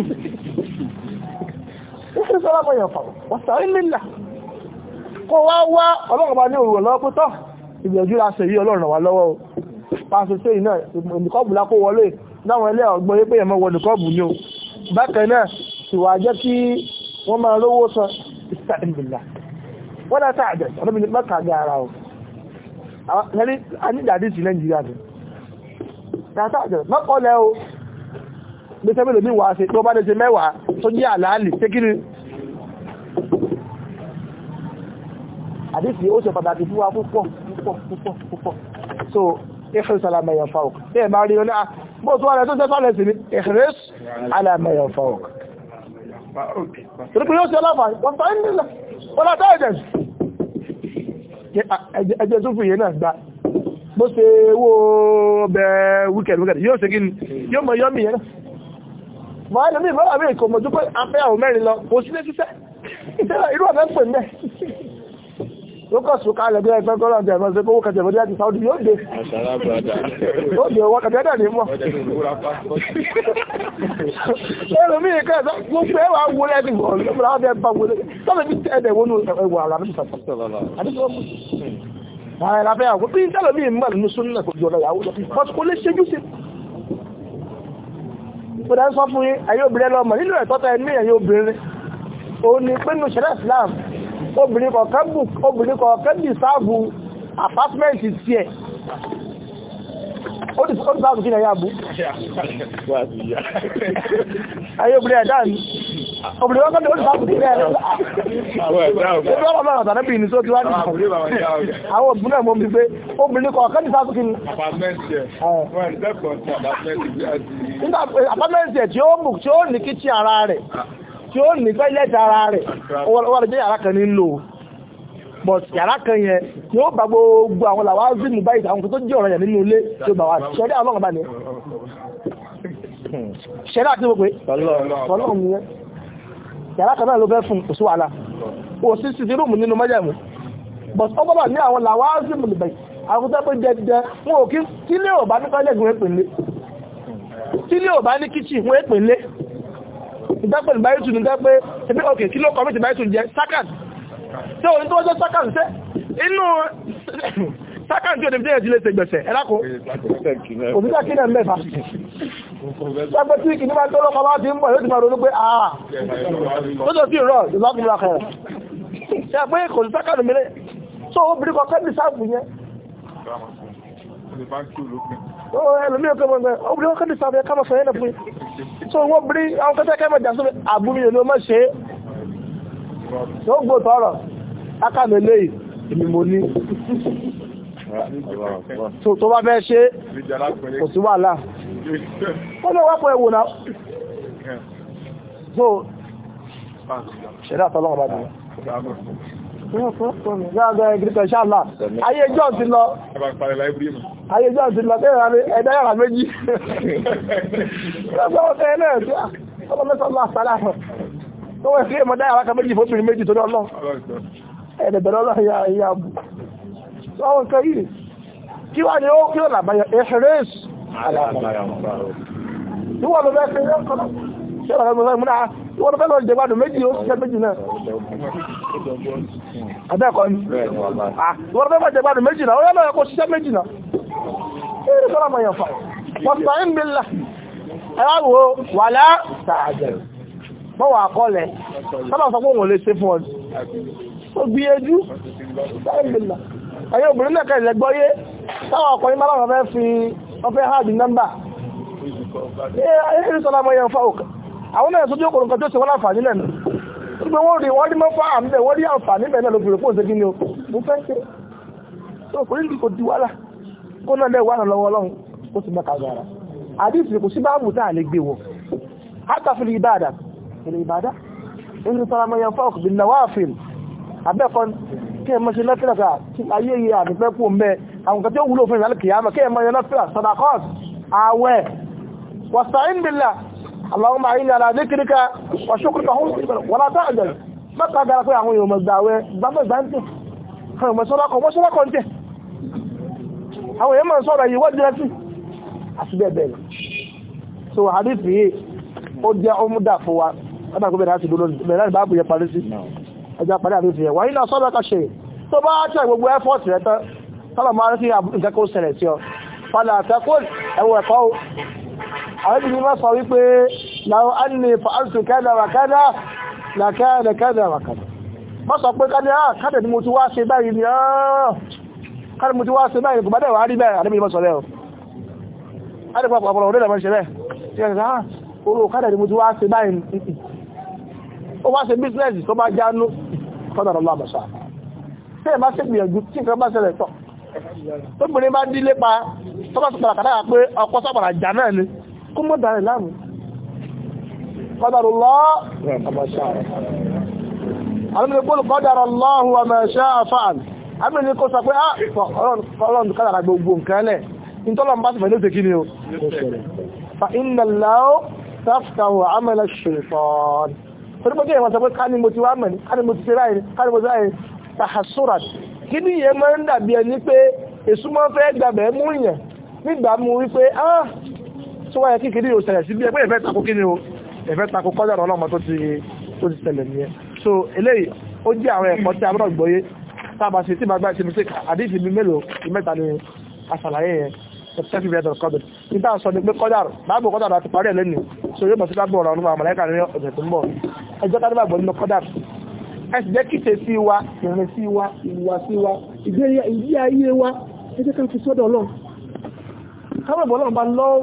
ìfẹ́ sọ́lá mọ̀ yàn fàwọ̀ wàsàrí nílà kò wá wá ọlọ́run bá ní òwúrọ̀ lọ́wọ́ pútọ́ ìgbìyànjú la ṣe yí ọlọ́run wà lọ́wọ́ pàṣẹṣẹ́ iná nìkọ́bù lákó wọlé láwọn ilé ọgbọ́n yí pé ẹ̀mọ́ wọ nìkọ́bù ni o bákan náà sì wà jẹ́ kí wọ́n máa lówó san ìsàlẹ̀ nílà wọ́n dá sáà jẹ́ ọlọ́run mẹ́ta gára o anídàdí sí nàìjíríà jù látàjẹ̀ mọ́kànlẹ̀ o gbẹ́sẹ̀ mẹ́lò ní wàá ṣe tó bá lẹ́sẹ̀ mẹ́wàá tó jẹ́ àlàálì tẹ́kìrì àdísì ó ṣe pàtàkì fún wa púpọ̀ púpọ̀ púpọ̀ púpọ̀ so ẹ̀fẹ́ sàlámà yẹn fa òkú ẹ̀ máa rí ọ ní à ah, bó tó wàlẹ̀ tó jẹ́ sọ́lẹ̀ sí ni ẹ̀fẹ́ sàlámà yẹn fa òkú torípé yóò ṣe aláfà wọ́n fa ń nílẹ̀ wọ́n látàjẹ̀ ẹjẹ́ tó fìyẹ náà gbá bó ṣe wó bẹ wíkẹ̀dì wíkẹ̀dì yóò ṣe gíní yóò mọ̀ yọ́mì yẹn náà wọ́n á lè mí ìfọ́wọ́ àmì ìkòmọ̀jú pé afẹ́ àwọn mẹ́rin lọ kò sílé ṣiṣẹ́ ìtẹ́lá irú àmẹ́ pè mẹ́ ó kọ̀ sùn kálẹ̀ bí ẹgbẹ́ gọ́lọ̀ jẹ́ ẹ̀mọ́ sí pé owó kẹjẹ̀ bọ́dí àti Saudi yóò dé ó dé owó kẹjẹ̀ dẹ̀ mọ́ ẹ̀rọ mi kẹ́ ẹ̀sọ́ gbogbo ẹwà wọlé ẹ̀sìn wọlé ọmọdé àwọn wọlé tọ́lẹ̀ bí ẹ̀dẹ̀ wọnú ẹwà ara mi obìnrin kọ̀ọ̀kan bù obìnrin kọ̀ọ̀kan dì sáàbù àpátímẹ́ǹtì sí ẹ̀ ó dì sáàbù kí nàyà bú ayé obìnrin ẹ̀dá ni obìnrin kọ̀ọ̀kan dì sáàbù kí nàyà bú ẹgbẹ́ ọmọ ọ̀tà níbi ìní tó ti wá ní àwọn òbí náà mọ́ mi pé obìnrin kọ̀ọ̀kan dì sáàbù kí ni àpátímẹ́ǹtì ẹ̀ tí ó mú tí ó ní kí tí ó ní fẹ́ lẹ́ta ara rẹ̀ wọ́n lè jẹ́ yàrá kan nílò but yàrá kan yẹn tí ó bá gbogbo àwọn làwá zimu báyìí àwọn tó jẹ́ ọ̀rọ̀ yẹn nínú ilé tí ó bá wà ṣẹ́rí ọlọ́run bá ní ṣẹ́rí àti gbogbo ọlọ́run yẹn yàrá kan náà ló fẹ́ fún òṣù wàhálà ó but ó gbọ́dọ̀ ní àwọn làwá zimu báyìí àwọn tó pé jẹjẹ wọn ò kí tí ilé ò bá ní kọ́lẹ́gùn ẹ̀pìnlé tí ilé ò bá ní ìdápẹ̀ ìbáyìtù ní dápẹ́ ẹgbẹ́ ọkẹ̀ kí ló kọ́ mẹ́tì ìbáyìtù jẹ́ sákàtì tí ó ní tó jẹ́ sákàtì sẹ́ inú sákàtì tí ó dẹ̀bí ẹ̀jì lè ṣe gbẹ̀ṣẹ̀ ẹ̀lákò òbísàkínà mẹ́fà sápẹ́ tí kìí máa tó lọ́kọ̀ bá ti ń bọ̀ yóò ti máa ronú pé àà tó tó sí rọ̀ ìlọ́kùnrin akẹ̀rẹ̀ ṣe pé kò sí sákàtì mìíràn tó obìnrin kọ̀ọ̀kan ní sáàbù yẹn ó ẹlòmí ọkọ̀ mọ̀ obìnrin kọ̀ọ̀kan ní sáàbù yẹn ká so wọ́n bí àwọn kẹ́kẹ́kẹ́ mẹ́jà sórí àbúrí ìlú ọmọ ṣe tó gbò tọ́rọ̀ akámẹ́lẹ́ ìmì mo ní tó bá fẹ́ ṣe kò sí wàhálà ó lè wápọ̀ ẹ̀wò náà so ṣẹ̀dá tọ́lọ́wọ́ bá dùn Ayéjọ́ ti lọ. Ayéjọ́ ti lọ tẹ́rà ní ẹ̀dá yàrá méjì. Lọ́gbọ́n ẹ̀lẹ́ ẹ̀dá. Ọlọ́mọ́sọ́lá àṣàláhàn. Tó wẹ́ sí ẹmọdá yàrá méjì fótùrí méjì tó lọ́lọ́. Ẹ̀dẹ̀bẹ̀rẹ̀ ọlọ́yà ìyá bù. Sọ́wọ́n kẹ́ yìí. Kí wá ni ó kí ó làbáyọ̀ ẹ̀ṣẹ̀rẹ́ ṣẹ́rọ̀ ọmọ ìmúra ìwọ́n fẹ́ lọ jẹgbádùn méjì ó ṣiṣẹ́ méjì náà àbẹ́ẹ̀kọ́ ni ah, ìwọ́n fẹ́ jẹgbádùn méjì náà ó yẹ́ lọ́yẹ́ kó ṣiṣẹ́ méjì náà ẹ̀rẹ́ sọ́rọ̀ mọ̀ yẹn fà pọ̀sùn àìmìlá ẹwàwò wà látàjẹ̀ mọ́wàá kọ́lẹ̀ sábà sọ pé òun lè ṣe fún ọdún ó gbìyànjú àìmìlá ẹ̀yẹ obìnrin náà kẹ́lẹ̀ gbọ́yé táwọn ọkùnrin máa lọ́rọ̀ fẹ́ fi ọfẹ́ hard number ẹ̀rẹ́ sọ́rọ̀ mọ̀ yẹn fà òkè àwọn náà sójú òkòrò nǹkan tó ṣe wọ́n láǹfààní lẹ́nu gbogbo wọ́n rí wọ́n rí mọ́ fáà ń bẹ̀ wọ́n rí àǹfààní bẹ̀ náà lóbìnrin fún òṣèkí ni o mo fẹ́ ṣe tó kò ní kò di wàhálà kó náà lẹ́wọ́ àrùn lọ́wọ́ ọlọ́run ó sì mọ́ka gara àdìsí kò sí báàbù tá à lè gbé wọ̀ hátà fi ìbàdà ìlú ìbàdà inú sọramọyàn اللهم اعنا على ذكرك وشكرك ولا تعجل mẹ́ta gara pé àwọn èèyàn mọ̀gbàwẹ́ gbámọ̀gbà ń tẹ́ àwọn mọ̀sọ́lọ́kọ̀ mọ́sọ́lọ́kọ̀ ń tẹ́ àwọn èèyàn mọ̀ sọ́rọ̀ yìí wọ́n jẹ́ sí àti bẹ́ẹ̀ bẹ́ẹ̀ lọ so hadith yìí ó jẹ́ ọmúdà fún wa látàkùn bẹ̀rẹ̀ láti dúró bẹ̀rẹ̀ bá bùyẹ parí sí ẹja parí hadith yẹn wàyí náà sọ́rọ̀ kàṣe tó bá tẹ̀ gbogbo effort rẹ̀ tán tọ́lọ̀ máa rí sí nǹkan kó ṣẹlẹ̀ sí ọ fàlà àwẹ́bì ní máa sọ wípé láwọn anìlè fa'altu kádà wà kádà làkádà kádà wà kádà má sọ pé kádà ah, kádà ni mo ti wá ṣe báyìí ni ah, kádà mo ti wá ṣe báyìí kò bá dẹ̀wà rí bẹ́ẹ̀ àdébì má sọ lẹ́ọ̀ adẹ́pàpọ̀ ọ̀pọ̀lọ̀ ọ̀rẹ́dà máa ṣe bẹ́ẹ̀ tó bìnrin bá dílé pa tọ́bàtí pàdàkàdà pé ọkọ̀ sábàrà jà náà ni kó mọ́ dàrẹ̀ láàmú qadarullah àmìnì kó qadarallahu wa ma sha'a fa'al àmìnì kó sọ pé á ah, ọlọ́run kádàrà gbogbo nǹkan lẹ̀ ìtọ́lọ̀n bá ti fẹ̀ lóòtẹ́ kí ni o fa inna Allaha taftahu 'amala ash-shaytan torípọ́jẹ́ ìwọ̀n sọ pé ká ní mo ti wá mẹ́rin ká ní mo ti ṣe ráyìn ká ní mo ti ráyìn tahasurat kí ní ìyẹn máa ń dàbí ẹni pé èsúmọ́ fẹ́ gbàbẹ̀ mú ìyẹn nígbà wípé ah tó wáyé kí kìíní yóò ṣẹlẹ̀ sí bí ẹgbẹ́ ìfẹ́ tako kìíní o ìfẹ́ tako kọ́dọ̀rọ̀ ọlọ́mọ tó ti tó ti ṣẹlẹ̀ nìyẹn so eléyìí ó jẹ́ àwọn ẹ̀kọ́ tí a gbọ́dọ̀ gbọ́yé tábà sí tí bàbá ìsinmi sí àdíjì mi mélòó ìmẹ́ta ni àṣàlàyé yẹn ẹ̀tẹ́fì bẹ́ẹ̀ tọ̀rọ̀ kọ́dọ̀ nígbà sọ ni pé kọ́dọ̀rọ̀ báàbò kọ́dọ̀rọ̀ àti parí ẹ̀ lẹ́nu so yóò bọ̀ sí lábọ̀ ọ̀rọ̀ ọ̀rọ̀ àmàlẹ́kà ní ọ̀sẹ̀ tó ń bọ̀ ẹjọ́ tá nígbàgbọ́ nínú kọ́dọ̀rọ̀ ẹ sì jẹ́ kíte sí wa ìrìn sí wa ìwà sí wa ìgbé ayé wa ẹ jẹ́ ká fi sọ́dọ̀ ọlọ́run káwọn ìbọn ọlọ́run bá lọ́wọ́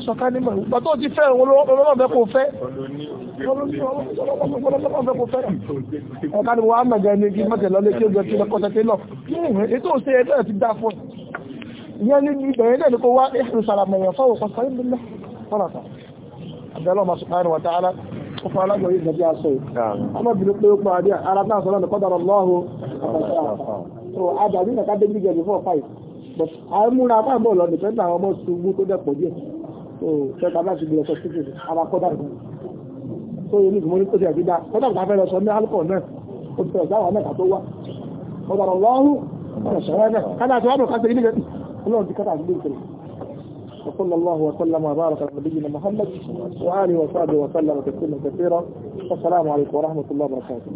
mo sọ ká ní mọ̀ ìgbà tó ti fẹ́ ọlọ́wọ́ fẹ́ kó fẹ́ ọlọ́wọ́ fẹ́ kó fẹ́ ọ̀ká ni wàá mẹ̀gẹ́ ni kí mọ̀tẹ̀ lọ́lé kí ó jọ kí lọ kọ́sẹ̀ kí lọ ètò òṣè ẹgbẹ́ ti dá fún ìyẹn ní ìbẹ̀rẹ̀ náà ni kó wá ẹ̀sùn sàràmẹ̀yàn fáwọn kan sáré nílẹ̀ fọ́nàtà àbẹ̀lọ́ ma subhanahu wa ta'ala ó yìí ìgbàjẹ́ aṣọ yìí ọmọbìnrin pé ó pa àdé ara náà sọ́lọ́nà kọ́dọ̀rọ̀ lọ́hùn so àdàbí nàkàdé gbígbẹ̀ before five but àmúra bá lọ nìkan náà ọmọ ṣubú tó dẹ̀pọ̀ díẹ̀ so ṣẹta bá ti gbìyànjú sọ títí ara kọ́dà gan so yìí ní ìgbìmọ̀ ní kòtì àgbígbà kọ́dà bá fẹ́ lọ sọ ní alcohol náà ó ti tẹ̀sán àwọn mẹ́ta tó wá kọ́dà rọ̀ lọ́rùn ọ̀rọ̀ sọ̀rọ̀ náà kọ́dà tó wà bọ̀ kásẹ̀ ilé ọlọ́run ti kọ́dà àgbígbà kiri وصلى الله وسلم وبارك على نبينا محمد وآله وصحبه وسلم تسليما كثيرا والسلام عليكم ورحمة الله وبركاته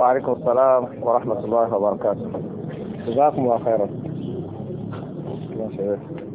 وعليكم السلام ورحمة الله وبركاته جزاكم الله خيرا